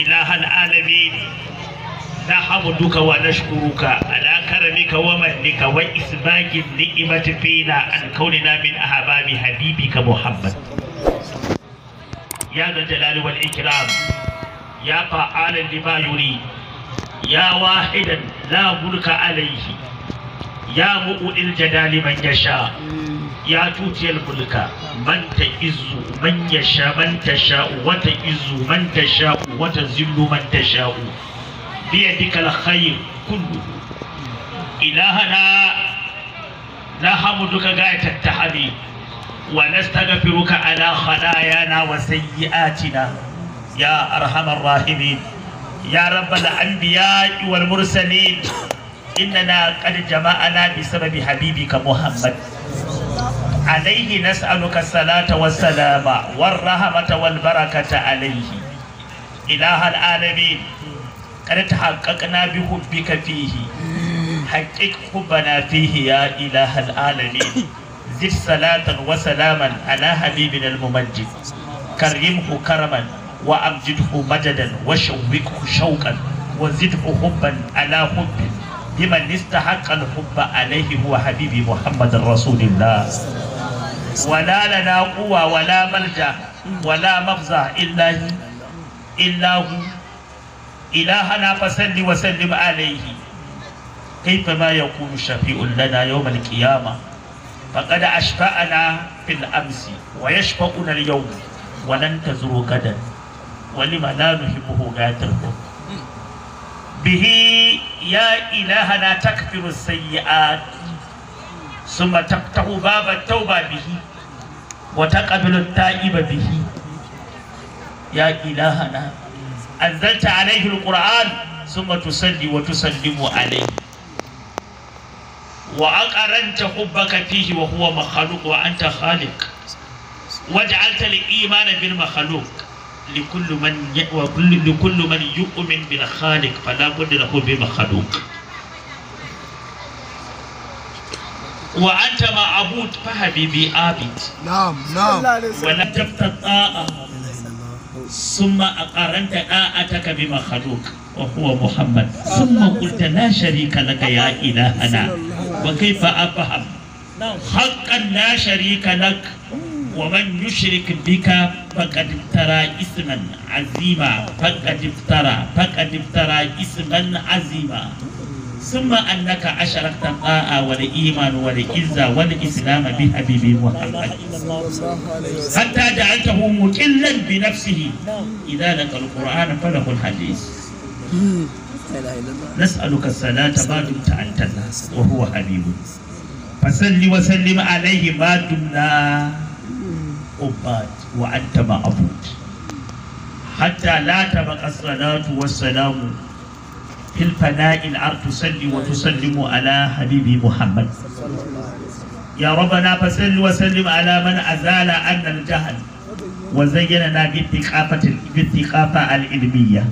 إله العالمين نحمدك ونشكرك على كرمك ومنك وإسباق النعمة فينا عن كوننا من أحباب حبيبك محمد يا ذا الجلال والإكرام يا فعالا لما يريد يا واحدا لا ملك عليه يا مؤل الجلال من يشاء ya tutiyar mulka manta izu man ya sha manta sha wata izu manta sha wata zillu manta sha biya dikala khayir kullu ilahana na hamu ya gaya tattahami wa nastaghfiruka ala khalayana wa sayyi'atina ya arhamar rahimin ya rabbal anbiya na mursalin jama'a na jama'ana bi sababi ka muhammad alaihi nas'aluka salata wa salama war rahmata wal barakata alaihi ilahal alabi kada ta haƙaƙana bi hubbika fihi haƙiƙ hubbana fihi ya ilahal alabi zid salatan wa salaman ala habibin al-mumajjid karimhu karaman wa amjidhu madadan wa shawwikhu shawqan wa zidhu hubban ala hubbin liman istahaqqa al-hubba alayhi huwa habibi muhammadar rasulillah wala lana quwa wala malja wala mafza illahi illahu ilahana fasalli wa sallim alaihi كيف ما يكون شفيع لنا يوم القيامة فقد أشفأنا في الأمس ويشفأنا اليوم ولن تزر غدا ولما لا نهمه غادر به يا إلهنا تكفر السيئات summa taftahu baba tauba bihi wa taqabilu ta'iba bihi ya ilahana anzalta alayhi alquran summa tusalli wa tusallimu alayhi wa aqaranta hubbaka fihi wa huwa wa anta khaliq waj'alta al-iman bil makhluq likulli man wa kulli likulli man yu'min bil khaliq fala budda lahu bil wa anta ma'abud fa habibi abid na'am na'am wa la tafta ta'a summa aqaranta da'ataka bi makhluq wa huwa muhammad summa qulta la sharika laka ya ilahana wa kayfa afham haqqan la sharika lak ومن يشرك بك فقد افترى اسما عظيما فقد افترى ثم أنك أشركت الطاعة والإيمان والعزة والإسلام بحبيب محمد حتى جعلته مكلا بنفسه إذا لك القرآن فله الحديث نسألك الصلاة ما دمت أنت وهو حبيبك فصل وسلم عليه ما دمنا عباد وأنت معبود حتى لا تبقى الصلاة والسلام fil fana'il ar tusalli wa tusallimu ala habibi Muhammad ya rabbana fasalli wa sallim ala azala anna al wa zayyana bi ilmiyya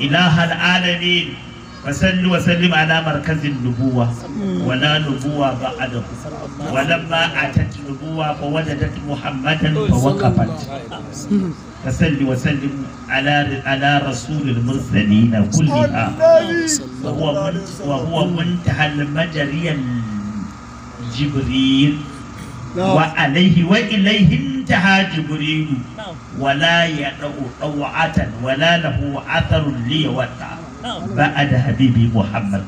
ilaha al-alamin فسل وسلم على مركز النبوة ولا نبوة بعده ولما أتت النبوة فوجدت محمدا فوقفت فصل وسلم على على رسول المرسلين كلها وهو من وهو منتهى المجري جبريل وعليه واليه انتهى جبريل ولا يدعو طوعة ولا له عثر لي وقع بعد حبيبي محمد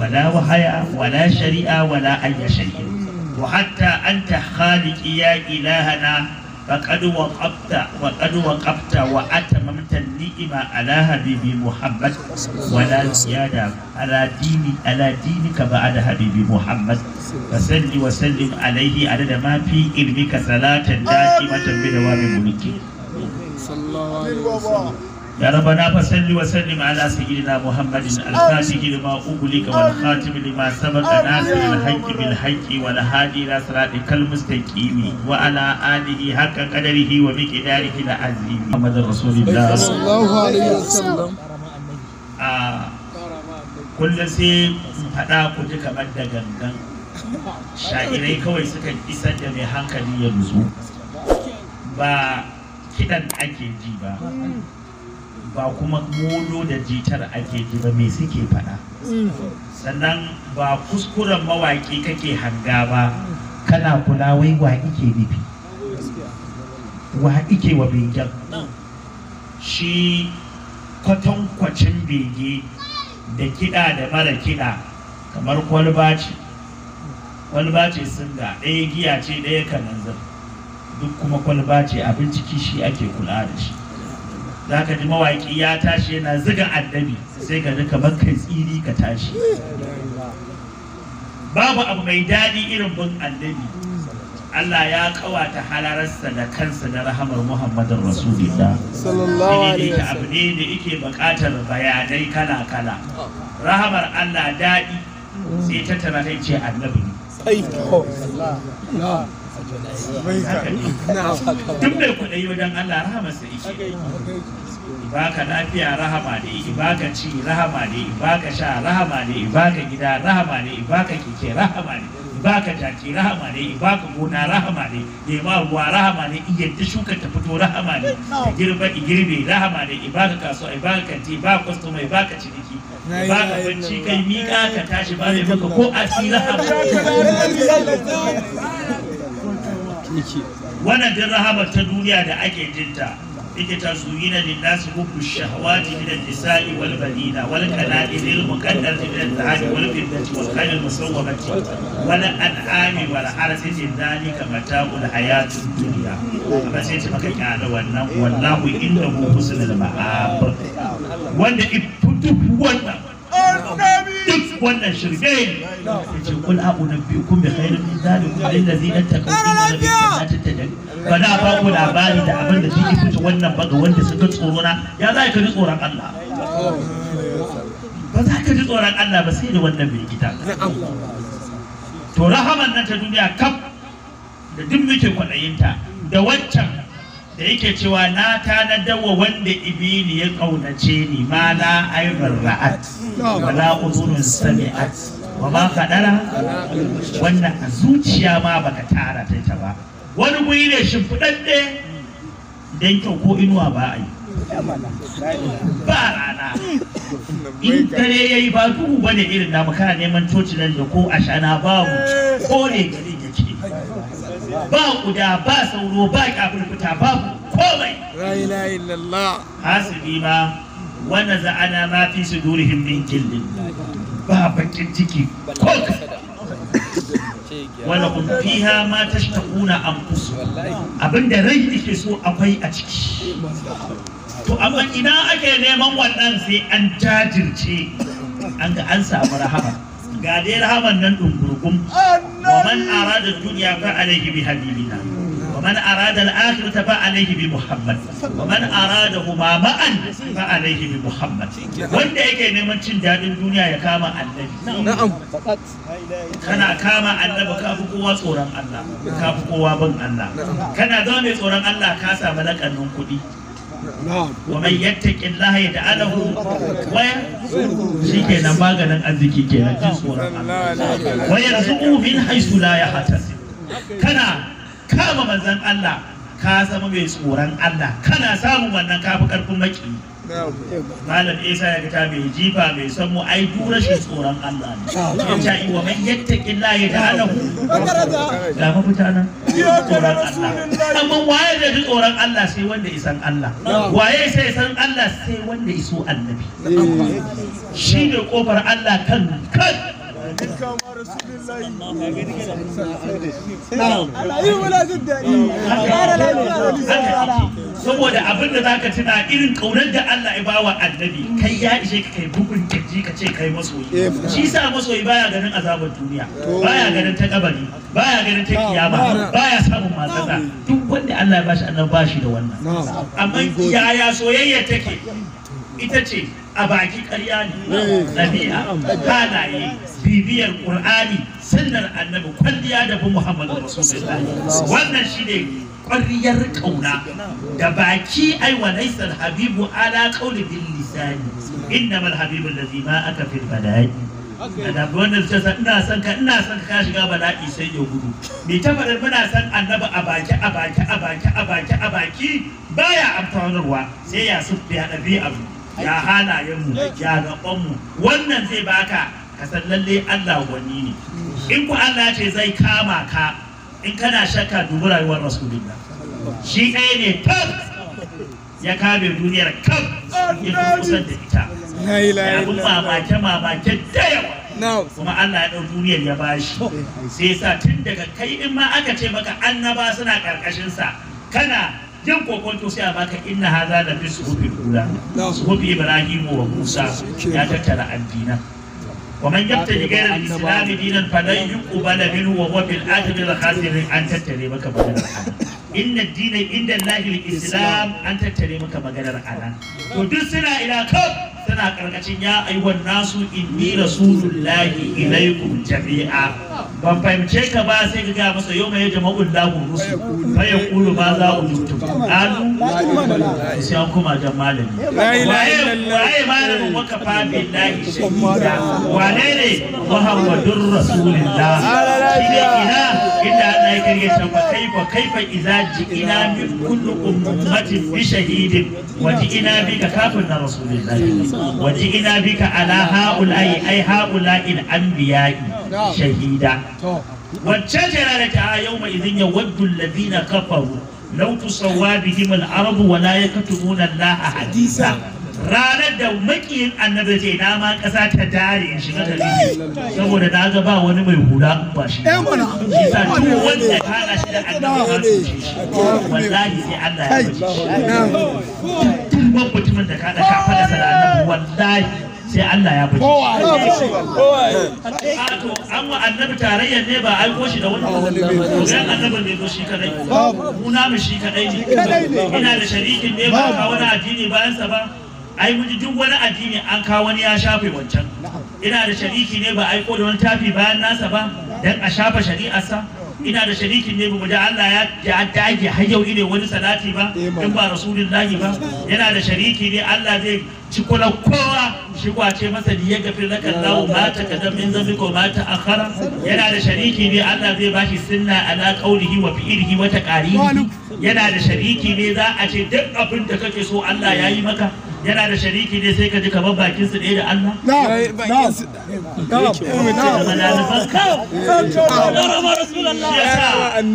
ولا وحياء ولا شريعة ولا أي شيء وحتى أنت خالقي يا إلهنا فقد وقفت وقد وقفت وأتممت النعمة على حبيبي محمد ولا زيادة على ديني على دينك بعد حبيبي محمد فصل وسلم عليه عدد ما في علمك صلاة دائمة بدوام ملكي صلى الله عليه وسلم يا ربنا فصل وسلم على سيدنا محمد الفاتح لما أغلق والخاتم لما سبق ناصر الحق بالحق والهادي إلى صراطك المستقيم وعلى آله حق قدره ومقداره العظيم محمد رسول الله صلى الله عليه وسلم kullum sai faɗa ku ji kamar da gangan sha'irai kawai suka isar da mai hankali yanzu ba kiɗan ake ji ba ba kuma mono da jitar ake ji ba mai suke faɗa mm. sannan ba kuskuren mawaƙi kake hanga ba kana kula wai wa ike nufi wa ike wa begen shi kwatankwacin bege da kiɗa da mara kiɗa kamar kwalba ce kwalba ce sun ga ɗaya giya ce ɗaya kananzir duk kuma kwalba ce abin ciki shi ake kula da shi za ka ji mawaki ya tashi yana ziga annabi sai ka ji kamar kai tsiri ka tashi babu abu mai daɗi irin bin annabi Allah ya kawata halararsa da kansa na rahamar Muhammadin Rasulullah sallallahu alaihi wasallam abu ne da yake bukatar bayanai kala kala rahamar Allah daɗi sai ta tana ce annabi ne duk mai kuɗi wajen Allah rahama sai ishe baka lafiya rahama ne baka ci rahama ne baka sha rahama ne baka gida rahama ne baka keke rahama ne baka jaki rahama ne baka gona rahama ne nema ruwa rahama ne yadda shuka ta fito rahama ne girba girbe rahama ne baka kasuwa baka kanti baka kwastoma baka ciniki baka bacci kai mika ka tashi ba ne maka ko asira rahama wannan din rahama ta duniya da ake jinta ike ta zuyina lin nasi hubbu shahawati min an-nisa'i wal banina wal qana'ir al muqaddarati min al-dhahabi wal fiddati wal khayl musawwamati wal an'ami wal harsi min dhalika mata'ul hayatid dunya amma sai ta maka kyala wannan wallahu innahu husnul ma'ab wanda duk wannan wannan shirme ne ya ce kul abu na biyu kun bi khairin min zalikum allazi yattaqu inna rabbika la tatadin ba na ba ku labari da abin da shi fito wannan ba ga wanda suka tsoro na ya za ka ji tsoron Allah ba za ka ji tsoron Allah ba sai da wannan bai gida to rahaman nan ta duniya kaf da duk muke kwaɗayinta da waccan da yake cewa na tanadar wa wanda ibili ya kaunace ni ma la aibar ra'at wa la uzurin sami'at wa ba kadara wannan a zuciya ma baka tara ta ta ba wani guri ne shimfiɗaɗɗe dan kyau ko inuwa ba a yi ba rana in dare ya ba duhu ba ne irin da kana neman coci nan da ko ashana babu ko ne ba kuda ba sauro ba kafurkuta babu komai la ilaha illallah hasbi ma wa naza'ana ma fi sudurihim min gillin ba bakin ciki ko walakum fiha ma tashtaquna anfusukum abinda rai yake so akwai a ciki to amma ina ake neman wannan sai an jajirce an ga an samu rahama ga dai rahaman nan dungurgum wa man arada duniya fa alayhi bi habibina wa man arada al ta fa alayhi bi muhammad wa man arada huma ma'an fa alayhi bi muhammad wanda yake neman cin daɗin duniya ya kama annabi na'am kana kama annabi ka fi kowa tsoron Allah ka fi kowa bin Allah kana zama mai tsoron Allah ka samu lakanin kuɗi ومن يتق الله يجعل له ويرزقه maganin arziki kenan jin tsoron Allah ويرزقه من حيث لا يحتسب kana kama manzan Allah ka zama mai tsoron Allah kana samun wannan kafi karfin maki malam isa ya fita mai jifa mai san mu ai tura shi tsoron Allah ne in ta iwa man yattaqilla ya ta'ala hu da mafita nan tsoron Allah amma waye da ji tsoron Allah sai wanda isan Allah waye sai san Allah sai wanda iso annabi eh. shi ne kofar Allah kan kan saboda abin da zaka tuna irin kaunar da Allah ya bawa annabi kai ya ishe ka kai bugun kirji ka ce kai masoyi shi sa masoyi baya ganin azabar duniya baya ganin ta kabari baya ganin ta kiyama baya samun matsala duk wanda Allah ya bashi annabi bashi da wannan amma yaya soyayya take ita ce a baki ƙarya ne ɗabi'a eh. halaye bibiyar ƙur'ani sunnar annabi kwalliya da bi muhammadu rasulullah wannan shine ƙwarriyar ƙauna da baki ai wa laisal habibu ala qawli bil lisani innamal habibu allazi ma aka fil bada'i da wannan ta san ina son ka ina son ka shiga bala'i sai ya gudu me ta faɗa muna san annabi a baki a baki a baki a baki a baki baya amfanarwa sai ya sufi ya abu. ya halayenmu ya gabanmu wannan zai baka ka san lalle Allah wani ne in ku Allah ce zai kama ka in kana shakka dubi rayuwar rasulullah shi ɗaya ne kaf ya kame duniyar kaf ya kusan da ita ya kun mamake mamake da yawa kuma Allah ya ɗau duniyar ya bashi sai sa tun daga kai in ma aka ce maka annaba suna karkashin ƙarƙashinsa kana jan kokonto sai a baka inna haza da fi suhufin kula suhufi ibrahimu wa musa ya tattara addina ومن يبتغي غير الاسلام دينا فلن يقبل منه وهو في الاخره الخاسر ان تتري مك مغنر ان الدين عند الله الاسلام ان تتري مك مغنر انا to duk suna ila kaf suna karkacin ya ayyuhan nasu inni rasulullahi ilaikum jami'a ban fahimce ka ba sai ka gaya masa yau mai jama'un lagun rusu faya kulu ba za a lutu alu sai an kuma jan malami waye malamin waka fabi lahi shahida wane ne muhammadun rasulillah shi ne ina inda Allah ya kirge can ba kai ba kai fa iza ji'ina min kullu ummatin bi shahidin wa ji'ina bika kafin na rasulillah wa ji'ina bika ala ha'ula'i ai ha'ula'il anbiya'i shahida wacce jana ta yau mai izin ya waddu alladhina kafaru law tusawwa bihim al-ardu wa la yaktumuna allaha hadisa ranar da makiyin annabi ce na ma kasa ta dare in shiga gari saboda na ga ba wani mai hula ba shi shi sa duk wanda kana shi da annabi ka tuce shi wallahi sai Allah ya bace shi duk mutumin da ka da ka fada salatu wallahi sai Allah ya bace to an wa annabi tarayyar ne ba aiko shi da wani dan annabi ne to shi kadai mu na mu shi kadai ne ina da sharikin ne ba ka wani addini bayan sa ba ai mun duk wani addini an ka wani ya shafe wancan ina da shariki ne ba aiko da wani tafi bayan nasa ba dan a shafa shari'arsa ina da sharikin ne mu da Allah ya ya dage har yau ne wani salati ba in ba rasulullahi ba yana da shariki ne Allah zai ci kula kowa shi kwace masa da ya gafi na lawo ba ta kadan min zambi ko ba ta akhara yana da shariki ne Allah zai bashi sunna ala qaulihi wa fi'lihi wa taqarihi yana da shariki ne za a ce duk abin da kake so Allah ya yi maka yana da shariki ne sai ka ji kamar bakin su ɗaya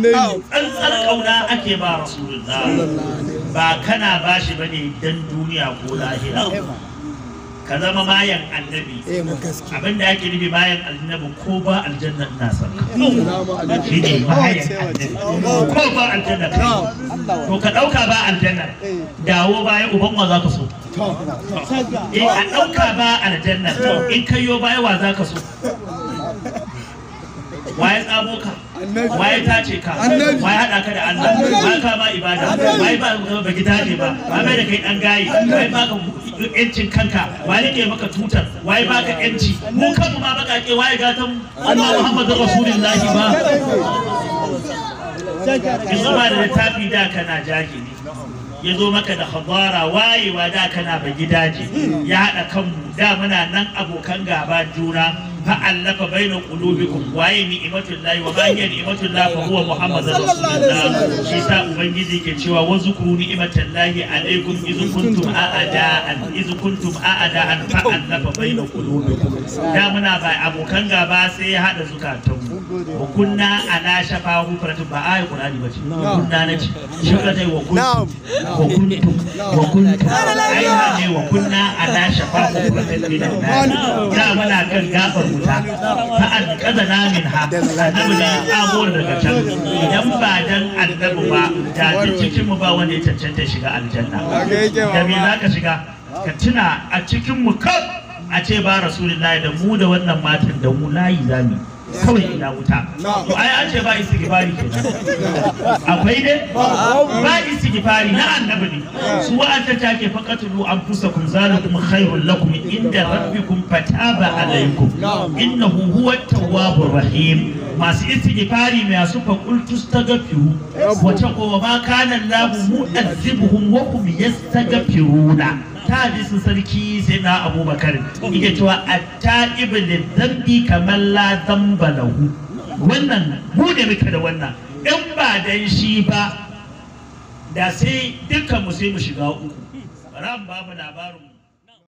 da Allah kauna ake ba rasulullah ba kana ba ne don duniya ko lahira ka zama mayan annabi da ake nufi mayan annabi ko ba aljanna na san shi ne mayan annabi ko ba aljanna to ka ɗauka ba aljannan? dawo bayan uban wa za ka so eh a ɗauka ba aljanna in ka yo baya wa za ka so waye tsabo ka waye tace ka waye hada ka da Allah waye ka ba ibada waye ba ba gida ne ba ba mai da kai ɗan gayi waye ba ka yancin kanka waye ke maka tutar waye ba ka yanci mu kanmu ma baka ke waye gatan Allah Muhammadu Rasulullahi ba yanzu ba da littafi da ka na jahili ya zo maka da hadara wayewa da kana ba gidaje ya haɗa kanmu da muna nan abokan gaba juna fa'allafa bainar qulubikum waye ni'matul lahi wa ma hiya ni'matul lahi fa huwa muhammadur rasulullah shi sa ubangiji ke cewa wa zukuru ni'matul lahi alaikum iz kuntum a'da'an iz kuntum a'da'an fa'allafa bainar qulubikum da muna ba abokan gaba sai ya hada zukatan wa kunna ala shafa hufratin ba a yi ƙunani ba ce, nace na ce. kunna wa kunna wa kunna aina ne wa kunna ala shafa hufratin min da muna kan gafar wuta fa an na min ha annabi da amur daga can idan ba dan annabi ba da cikin mu ba wanda ya cancanta shiga aljanna da me zaka shiga ka tuna a cikin mu kan. a ce ba rasulullahi da mu da wannan matan da mu layi zamu kawai ina wuta to ai an ce ba istighfari kenan akwai ne ba istighfari na annabi ne su wa'anda ta ke faqatulu anfusakum zalikum khairul lakum inda rabbikum fataba alaykum innahu huwa tawwabur rahim masu istighfari mai su fa qultu astaghfiru wa taqwa ma kana lahu mu'azzibuhum wa hum yastaghfiruna hatta sarki sai na abubakar yake cewa atta ibn dambi kamar la damba lahu wannan bude muke da wannan in ba dan shi ba da sai dukkan mu sai mu shiga uku ran babu labarin